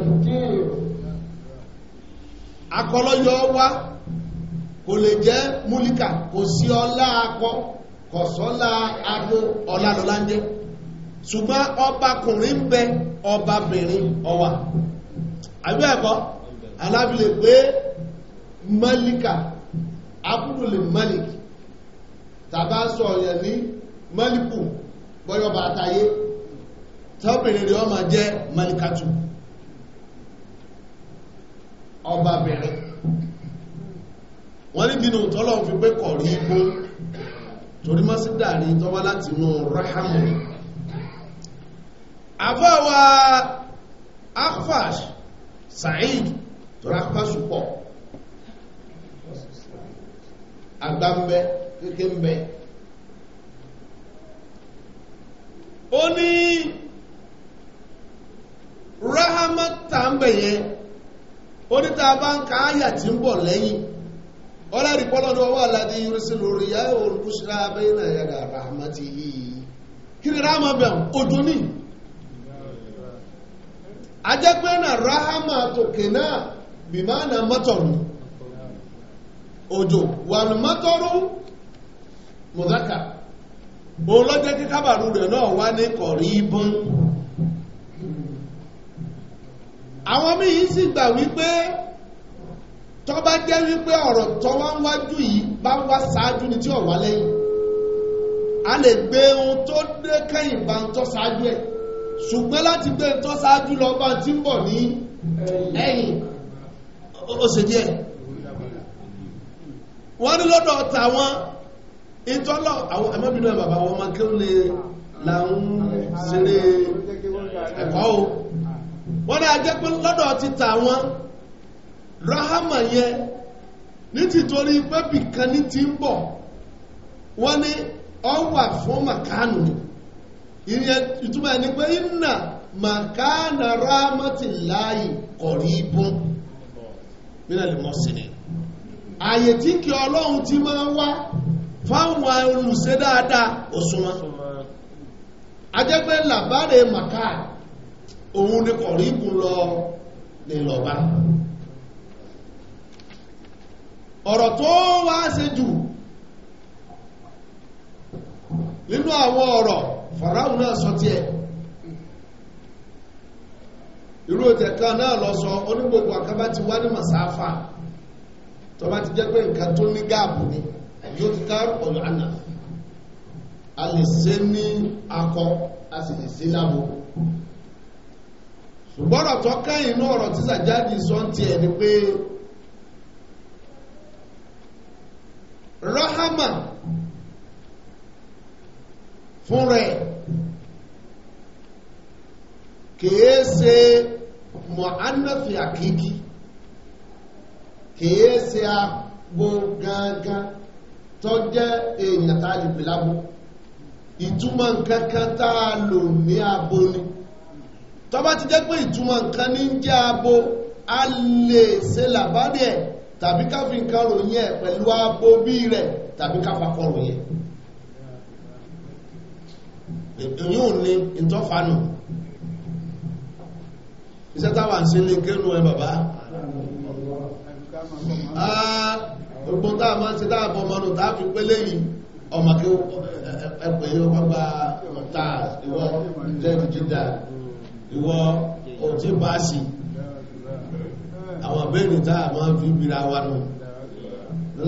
akọlọ́yọ wá kò lè jẹ́ múlíkà kò sí ọlá akọ kò sọ́lá abo ọlá ń jẹ́ ṣùgbọ́n ọbakùnrin bẹ ọbabìnrin ọwà àbí ẹ̀kọ́ alábìlẹ̀ pé málíkà abúrúlé malik tàbá sọ ọ̀yẹ̀ ní maliku bọ́yọba àtayé tọ́bìnrin rẹ̀ ọmọ jẹ́ malikatu ọba bẹ̀rẹ̀ wọ́n ní dínú tọ́lọ̀ fi pé kọ̀rí igbó torí mọ́ sí dàrí tọ́wá láti inú rahamu àbọ́wà akfash sa'id tó rákpáṣù pọ̀ adambe kéke mbe ó ní rahama ta ń bẹ̀ yẹn ó ní tá a bá ń ka àyà tí ń bọ̀ lẹ́yìn ọlọ́rin pọ́lọ́ ní ọwọ́ aládé yorùsílù orí yá olùkúṣíra abẹ́yìnà yàrá rahama ti yí kí ni rahama bẹ̀ ojú ní ajẹ́pẹ́ na rahama tòkè náà bìmá náà mọ́tọ̀rù òjò wàlùmọ́tọ́rù mùzákà òun ló jẹ́ kí kábàrú rẹ̀ náà wá ní kọ̀rí ibùn àwọn míì sì gbà wípé tó bá jẹ́ wípé ọ̀rọ̀ tó wá ń wájú yìí bá wá ṣáájú ni tí ò wá lẹ́yìn a lè gbé ohun tó dé kẹ́yìn bá ń tọ́ ṣáájú ẹ̀ ṣùgbọ́n láti gbé ń tọ́ ṣáájú lọ bá ń bọ̀ ní ẹ̀yìn ó ṣe díẹ̀. wọ́n ní lọ́dọ̀ tàwọn ìtọ́lọ̀ àwọn ẹ̀mọ́bìnú bàbá wọn máa kí ó lè ń ṣeré ẹ̀kọ́ o wọ́n ní ajẹ́ pé lọ́dọ̀ ti tàwọn rahama yẹ ní tìtorí pẹ́bì kan ní ti ń bọ̀ wọ́n ní ọwà fún màkánù ìyẹn ìtumọ̀ ẹni pé ìnà láàyè kọ̀rí ààyè tí kí ọlọ́run ti máa wá fáwọn olùṣe dáadáa òṣùwọ̀n ajẹ́pẹ́ làbáre màkà òun ni kọ̀ríbù lọ lè ọ̀rọ̀ tó wá ṣe jù nínú àwọn ọ̀rọ̀ fàráhùn náà sọ tí irú náà lọ sọ onígbogbo àkábá ti wá ní tó bá ti jẹ́ pé nǹkan tó ní gáàbù ni yóò ti ká ọ̀nà àná a lè ṣe ní akọ a sì lè ṣe lábo ṣùgbọ́n ọ̀rọ̀ tó kẹ́yìn inú ọ̀rọ̀ tí sàjáde sọ ń tiẹ̀ ni pé rahama fún rẹ̀ kìí ṣe mọ̀ àkíkí kìí ṣe agbo gangan èèyàn tá a lè pè lágbo ìtumọ̀ nǹkan kan tá a lò ní abo ni tó bá ti jẹ́ pé ìtumọ̀ nǹkan ní ń jẹ́ abo a lè ṣe làbárí ẹ̀ tàbí ká fi nǹkan ròyìn ẹ̀ pẹ̀lú abo bí rẹ̀ tàbí ká fakọ̀ ròyìn èyí ò ní ìtọ́fanù iṣẹ́ táwa ń ṣe ní kéwòn ẹ bàbá gbogbo tá a máa ń ṣe a bọ ọmọ nù tá a fi pé lẹ́yìn ọmọ kí ẹgbẹ́ yóò pápá ọ̀tá ìwọ lẹ́nu jíjà ìwọ òtí báàsì àwọn abẹ́rù tá a máa fi bìíra wa nù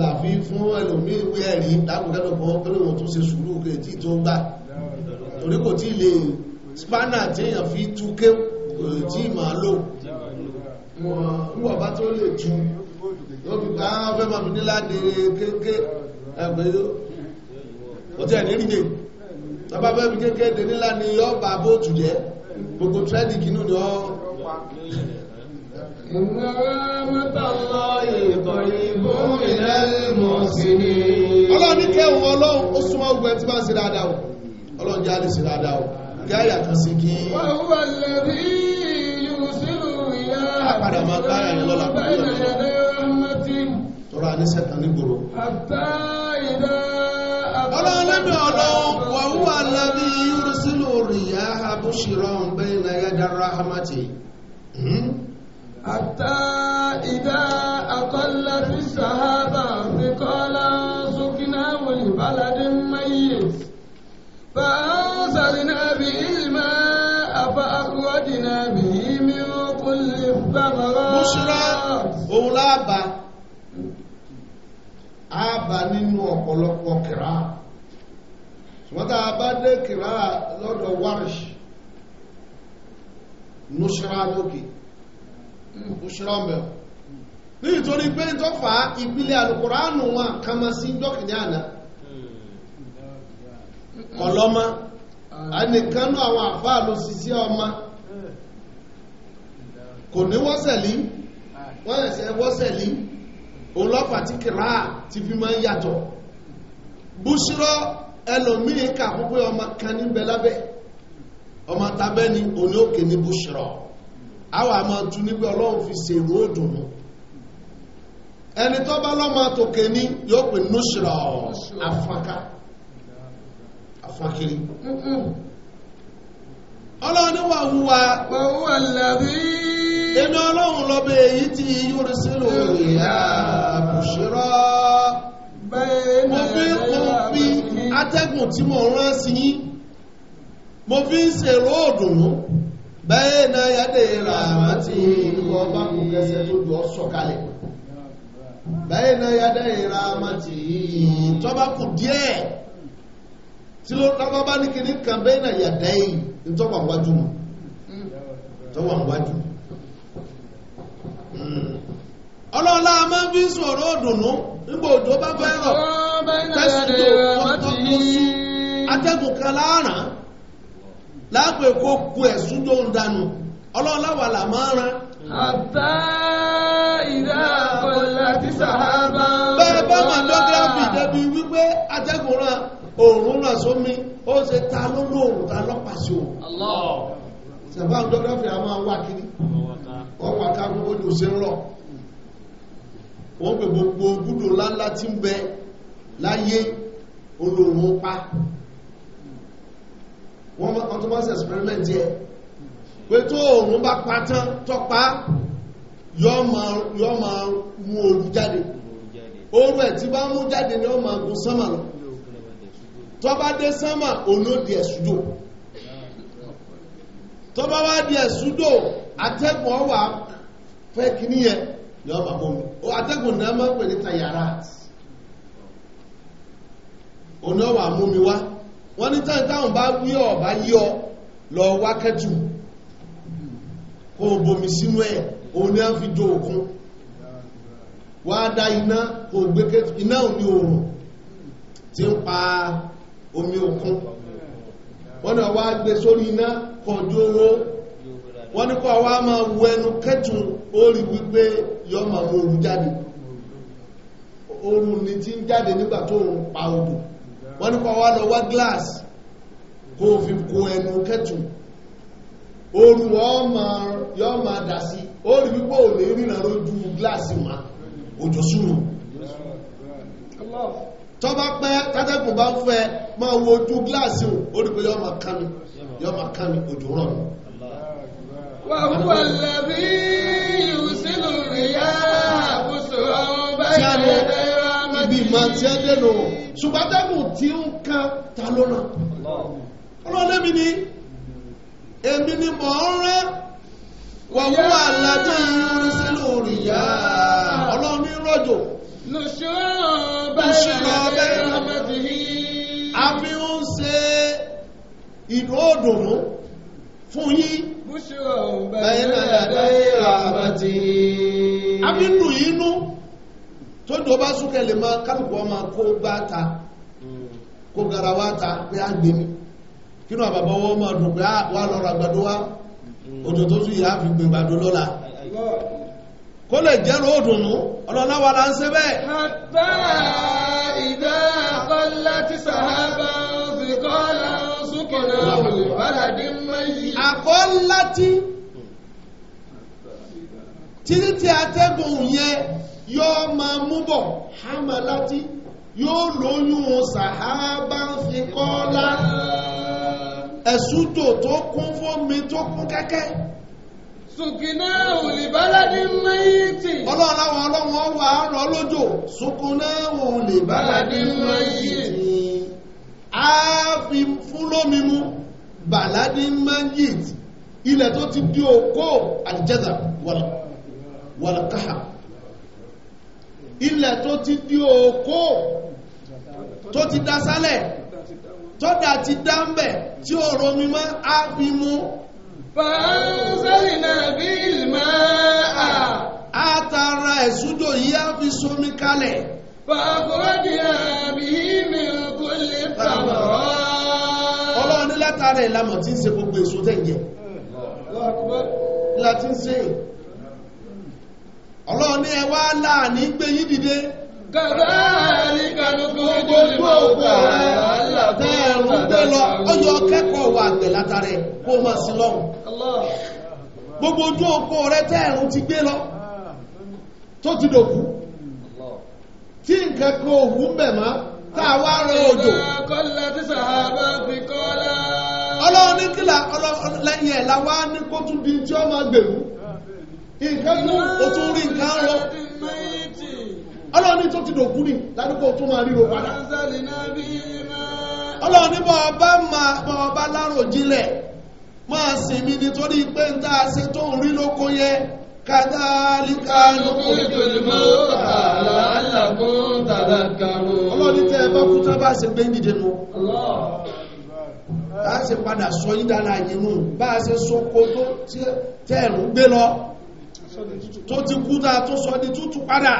láàfi fún ẹlòmí ìwé ẹ̀rí dákùnkẹ́lò kan pẹ̀lú wọn tó ṣe sùúrù kìí tí tó ń gbà torí kò tí lè spana tí èyàn fi tú ké tí ma lò wọ́n bá tó lè tún yóò fi ká ah, fẹ́ mọ̀ mí ní láti kéèké ẹgbẹ́ yóò ó tẹ̀ ní ríde tọ́bá fẹ́ mi kéèké dé nílá ni yọ́ bá bóòtù jẹ́ gbogbo tírẹ́dì kínú ni ọ́ ọlọ́run ní kẹwọ́ ọlọ́run ó súnmọ́ ogun ẹ tí bá ń ṣe dáadáa o ọlọ́run jẹ́ àlè ṣe dáadáa o gáyà kan sí kí. wọ́n wọ́n lè rí ìlú sínú àpàdà máa káyà yẹn lọ́la pàdé ọ̀nà tọ́rọ anísẹ̀ta nígboro ọlọ́ọ̀lẹ́dọ̀ ọlọ́run wà wúwà lábí yúrùsílò rìyà àbúṣìrọ̀ bẹ́ẹ̀ na yádá rahamati àtà ìdá àkọlẹ̀ fi sàhábà fi kọ́lá sókínà wòlì báládé mayyes fàánzàrínà bíi búṣúrá òun láàbà àbà nínú ọ̀pọ̀lọpọ̀ kìrá ṣùgbọ́n bá dé kìrá lọ́dọ̀ warish nùṣúra lókè búṣúrá mẹ́rin nítorí pé tó fà á ìpìlẹ̀ alukùránù wọn kama sí dọ́kìdí àná ọlọ́mọ hmm. a àwọn àfáà lọ sí sí ọmọ kò ní wọ́sẹ̀lí wọ́n ẹ̀sẹ̀ wọ́sẹ̀lí òun lọ́pàá tí kìrá ti fi máa ń yàtọ̀ búṣírọ́ ẹlòmíín kà fún ọmọ kan níbẹ̀ lábẹ́ ọmọ tabẹ́ ni òní òkè ní búṣírọ́ àwọn àmọ́ tún níbi ọlọ́run fi ṣèrú òdùnnú ẹni tó bá lọ́mọ tòkè ní yóò pè núṣírọ́ afaka afakiri ọlọ́run wà wúwa wà wúwa làbí èmi ọlọ́run lọ́bẹ̀ èyí tí yúrí sílò ìyá àbùṣírọ́ mo fi mo fi atẹ́gùn tí mo rán sí yín mo fi ń ṣe róòdù mú bẹ́ẹ̀ náà yáde ràmá tí ìwọ bá kú kẹsẹ̀ tó jọ sọ̀kalẹ̀ bẹ́ẹ̀ náà yáde ràmá ìjọba kù díẹ̀ tí ló lọ́gbọ́n bá ní kíní kan bẹ́ẹ̀ náà yàdẹ́yìn ìjọba wájú mọ́ ìjọba wájú mọ́. ọlọ́ọ̀lá a máa ń fi ọ̀rọ̀ òdùnnú nígbà òjò bá fẹ́ rọ̀ tẹ́sítò ọ̀tọ́kùn atẹ́gùn kan láàrán láàpẹ̀ kó ku ẹ̀sùn tó ń dànù ọlọ́ọ̀lá wà là máa àbá ìdá sàhábà. bẹ́ẹ̀ bá débi wípé atẹ́gùn náà òórùn náà sómi sẹ̀fà ń dọ́dọ́ fẹ́ a máa wà kiri ọwà ká gbogbo ní òṣè ń rọ̀ wọ́n pè gbogbo gúdò láńlá tí ń bẹ láyé olóòwò pa wọ́n tó máa ń experiment yẹ pé tó òun bá pa tán tọ́pa yọ́ máa mú òru jáde oru ẹ̀ tí bá mú jáde ni ó máa gùn sánmà lọ tọ́ bá dé sánmà òun ó di ẹ̀sùjò tó bá wá di ẹ̀súdò atẹ́gùn ọwà fẹ́ kìíní yẹn yọ bà bọ́ o atẹ́gùn náà máa ń pè ní tayara òní ọwà mú mi wá wọ́n ní tán táwọn bá wí ọ̀bá yí ọ lọ wá kẹ́tù kó o bomi sínú ẹ̀ òní á fi do òkun wá dá iná kó o gbé kẹ́tù iná òní òòrùn tí ń pa omi òkun wọ́n náà wá gbé sórí iná kò dúró wọ́n ní kọ́ wá máa wọ ẹnu kẹ́tùn ó wípé yọ máa mú òru jáde ni ti ń jáde nígbà tó pa odò wọ́n ni wá lọ wá glass kó fi ẹnu kẹ́tùn oòrùn yọ máa dà sí ó wípé ò lè ríran lójú ma òjò tọ́ bá pẹ́ tátẹ́kùn bá ń fẹ́ máa ojú yọ máa ká mi òjò rọ̀ mi. wà á wà lábí ìrùsílù rìyà àbùsù àwọn báyìí ẹ̀dẹ́ ibi ìmọ̀ tí ẹ dẹ̀nà ṣùgbọ́n tẹ́gùn tí ń ká ta lọ́nà ọlọ́lẹ́mi ni èmi ni mọ̀ ń rẹ́ ìlú òdòdó fún yí abínú inú tó jọ bá súnkẹ́ lè máa kálùkù ọmọ kó gbá ta kó garawa ta pé á gbé mi kí náà bàbá ọwọ́ máa dùn pé wà lọ́rọ̀ àgbàdo wá òjò tó tún yìí á fi gbàdo lọ́la kó lè àkọ́ láti títí tí atẹ́gùn yẹn yóò máa mú bọ̀ hámà láti yóò lóyún sàhábà ń fi kọ́lá ẹ̀sùtò tó kún fómi tó kún kẹ́kẹ́ sùkìnà òlìbáládì mẹ́yìtì. ọlọ́run àwọn ọlọ́run ọwọ́ àárọ̀ lójò sùkìnà òlìbáládì mẹ́yìtì á fi fún lómi mú bàládì manjid ilẹ̀ tó ti di òkó àjẹ́dà wàlàkáhà ilẹ̀ tó ti di òkó tó ti dasálẹ̀ tọ́dà ti dá ń bẹ̀ tí ó romi mọ́ á fi mú bí ìlmọ́ à á tara ẹ̀sùdò yìí somi kalẹ̀ fàkọ́dìyà bíi mi tí ń ṣe gbogbo èso tẹ̀yẹ láti ń ṣe ọlọ́run ní ẹwà láàní gbé yí dìde kàbáàrí kanúkú gbogbo wà gbẹ̀ kó mọ̀ gbogbo ojú oko rẹ tẹ́ẹ̀rù ti gbé lọ tó ti dòkú tí nǹkan kan òwú bẹ̀ mọ́ tá a wá rán òjò. ní kílà la wá ní kó tún di tí ó máa gbèrú. nǹkan otu nri tún rí nǹkan rọ. tó ti dòkú ni ládùúgbò tún máa ríro padà. ọlọ́run ọba máa bọ́ ọba lárò jinlẹ̀ máa sinmi nítorí pé rí lóko yẹn. kàdálíkà nùkúrìdòlè mọ́ta làálàkún tàdàkàrò. ọlọ́ni tẹ́ ẹ bá kú tán bá ṣe gbé nídìí nù. bá a ṣe padà sọ yín dára yín nù bá a ṣe sọkò tó tẹ́ ẹ̀rù gbé lọ tó ti kú tá a tó sọ di tútù padà.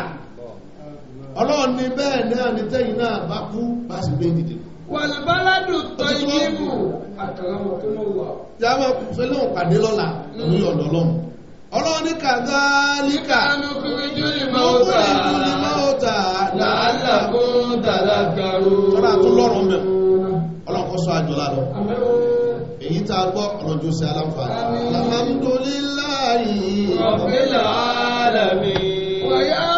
ọlọ́ni bẹ́ẹ̀ náà ní tẹ́yìn náà bá kú bá a ṣe gbé nídìí nù. wàlúbáládù tọ́ ìgbìmù àkàrà mọ̀kúnmọ̀ wà. yàrá kò fẹ́ lóun pàdé lọ́la hmm. lórí ọ̀dọ́ lọ́hùn ọlọ́ni kàdálíkà lókùnrin mọ́ta làálàkún tàdàgbàrò tọ́lá tó lọ́rùn mẹ́ ọlọ́kọ́ sọ àjọlá lọ èyí tá a gbọ́ ọ̀rọ̀ jù sí aláǹfààní alhamdulillahi rabbil alamin